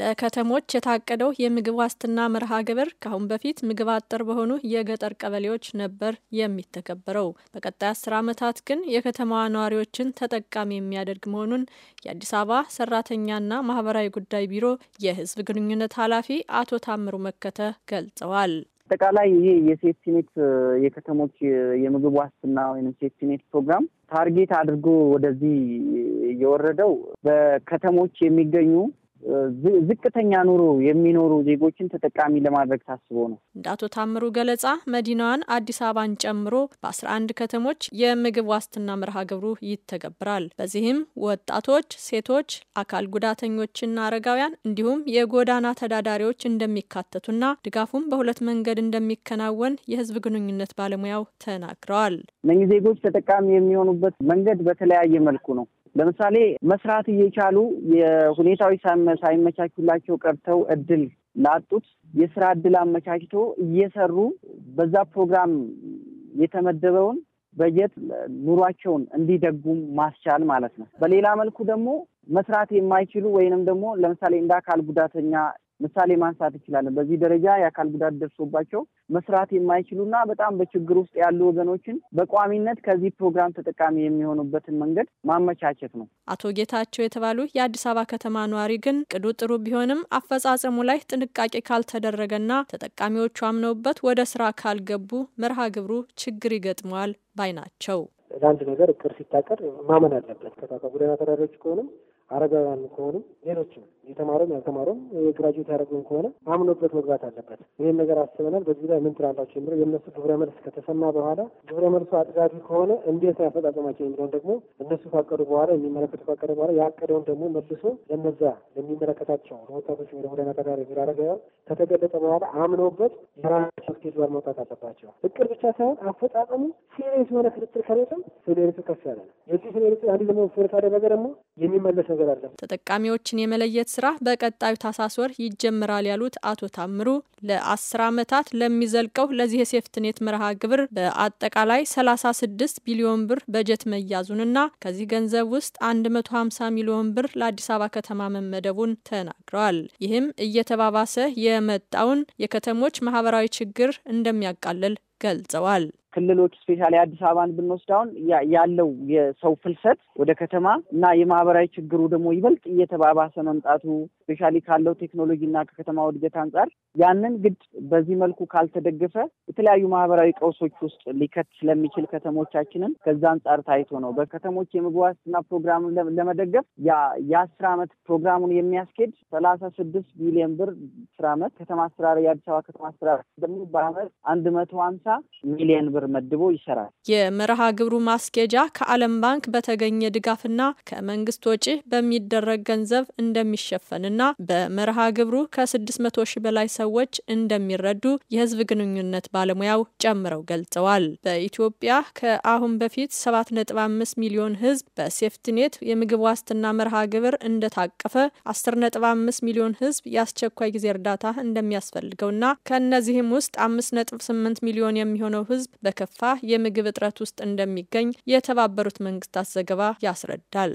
ለከተሞች የታቀደው የምግብ ዋስትና መርሃ ግብር ከአሁን በፊት ምግብ አጠር በሆኑ የገጠር ቀበሌዎች ነበር የሚተከበረው። በቀጣይ አስር ዓመታት ግን የከተማዋ ነዋሪዎችን ተጠቃሚ የሚያደርግ መሆኑን የአዲስ አበባ ሰራተኛና ማህበራዊ ጉዳይ ቢሮ የህዝብ ግንኙነት ኃላፊ አቶ ታምሩ መከተ ገልጸዋል። አጠቃላይ ይሄ የሴፍቲኔት የከተሞች የምግብ ዋስትና ወይም ሴፍቲኔት ፕሮግራም ታርጌት አድርጎ ወደዚህ የወረደው በከተሞች የሚገኙ ዝቅተኛ ኑሮ የሚኖሩ ዜጎችን ተጠቃሚ ለማድረግ ታስቦ ነው። እንደ አቶ ታምሩ ገለጻ መዲናዋን አዲስ አበባን ጨምሮ በአስራ አንድ ከተሞች የምግብ ዋስትና መርሃ ግብሩ ይተገብራል። በዚህም ወጣቶች፣ ሴቶች፣ አካል ጉዳተኞችና አረጋውያን እንዲሁም የጎዳና ተዳዳሪዎች እንደሚካተቱና ድጋፉም በሁለት መንገድ እንደሚከናወን የህዝብ ግንኙነት ባለሙያው ተናግረዋል። እነዚህ ዜጎች ተጠቃሚ የሚሆኑበት መንገድ በተለያየ መልኩ ነው። ለምሳሌ መስራት እየቻሉ የሁኔታዊ ሳይመቻችላቸው ቀርተው እድል ላጡት የስራ እድል አመቻችቶ እየሰሩ በዛ ፕሮግራም የተመደበውን በጀት ኑሯቸውን እንዲደጉም ማስቻል ማለት ነው። በሌላ መልኩ ደግሞ መስራት የማይችሉ ወይንም ደግሞ ለምሳሌ እንደ አካል ጉዳተኛ ምሳሌ ማንሳት እንችላለን። በዚህ ደረጃ የአካል ጉዳት ደርሶባቸው መስራት የማይችሉና በጣም በችግር ውስጥ ያሉ ወገኖችን በቋሚነት ከዚህ ፕሮግራም ተጠቃሚ የሚሆኑበትን መንገድ ማመቻቸት ነው። አቶ ጌታቸው የተባሉ የአዲስ አበባ ከተማ ነዋሪ ግን ቅዱ ጥሩ ቢሆንም አፈጻጸሙ ላይ ጥንቃቄ ካልተደረገና ተጠቃሚዎቹ አምነውበት ወደ ስራ ካልገቡ መርሃ ግብሩ ችግር ይገጥመዋል ባይ ናቸው። ለአንድ ነገር እቅድ ሲታቀድ ማመን አለበት። ከታቀ ጉዳና ተዳዳሪዎች ከሆንም አረጋውያን ከሆኑ ሌሎችም የተማረም ያልተማረም ግራጁዌት ያደረገውን ከሆነ አምኖበት መግባት አለበት። ይህን ነገር አስበናል። በዚህ ላይ ምን ትላላቸው የሚለው የእነሱ ግብረ መልስ ከተሰማ በኋላ ግብረ መልሱ አጥጋቢ ከሆነ እንዴት ነው ያፈጻጸማቸው የሚለውን ደግሞ እነሱ ካቀዱ በኋላ የሚመለከቱ ካቀዱ በኋላ ያቀደውን ደግሞ መልሶ ለነዛ ለሚመለከታቸው ለወጣቶች ወደ ወደ ነቀዳሪ አረጋውያን ከተገለጠ በኋላ አምነውበት የራሳቸው ስኬጅ ባል መውጣት አለባቸው። እቅድ ብቻ ሳይሆን አፈጻጸሙ ሲሪየስ የሆነ ክትትል ከሌለም ፌዴሬቱ ከፍ ያለ ነው። የዚህ ፌዴሬቱ አንድ ደግሞ ፌዴሬት አደረገ ደግሞ የሚመለሰ ነገር አለ። ተጠቃሚዎችን የመለየት ስራ በቀጣዩ ታሳስ ወር ይጀምራል ያሉት አቶ ታምሩ ለአስር አመታት ለሚዘልቀው ለዚህ የሴፍትኔት መርሃ ግብር በአጠቃላይ 36 ቢሊዮን ብር በጀት መያዙንና ከዚህ ገንዘብ ውስጥ 150 ሚሊዮን ብር ለአዲስ አበባ ከተማ መመደቡን ተናግረዋል። ይህም እየተባባሰ የመጣውን የከተሞች ማህበራዊ ችግር እንደሚያቃልል ገልጸዋል። ክልሎች ስፔሻሊ አዲስ አበባን ብንወስድ አሁን ያለው የሰው ፍልሰት ወደ ከተማ እና የማህበራዊ ችግሩ ደግሞ ይበልጥ እየተባባሰ መምጣቱ ስፔሻሊ ካለው ቴክኖሎጂ እና ከከተማ እድገት አንጻር ያንን ግድ በዚህ መልኩ ካልተደገፈ የተለያዩ ማህበራዊ ቀውሶች ውስጥ ሊከት ስለሚችል ከተሞቻችንን ከዛ አንጻር ታይቶ ነው በከተሞች የምግብ ዋስትና ፕሮግራምን ለመደገፍ የአስር አመት ፕሮግራሙን የሚያስኬድ ሰላሳ ስድስት ቢሊዮን ብር አስር አመት ከተማ አስተራር የአዲስ አበባ ከተማ አስተራር ደግሞ በአመት አንድ መቶ ሀምሳ ሚሊዮን ብር መድቦ ይሰራል። የመርሃ ግብሩ ማስኬጃ ከዓለም ባንክ በተገኘ ድጋፍና ከመንግስት ወጪ በሚደረግ ገንዘብ እንደሚሸፈን እንደሚችልና በመርሃ ግብሩ ከ600 ሺህ በላይ ሰዎች እንደሚረዱ የህዝብ ግንኙነት ባለሙያው ጨምረው ገልጸዋል። በኢትዮጵያ ከአሁን በፊት 7.5 ሚሊዮን ህዝብ በሴፍትኔት የምግብ ዋስትና መርሃ ግብር እንደታቀፈ፣ 10.5 ሚሊዮን ህዝብ የአስቸኳይ ጊዜ እርዳታ እንደሚያስፈልገውና ከእነዚህም ውስጥ 5.8 ሚሊዮን የሚሆነው ህዝብ በከፋ የምግብ እጥረት ውስጥ እንደሚገኝ የተባበሩት መንግስታት ዘገባ ያስረዳል።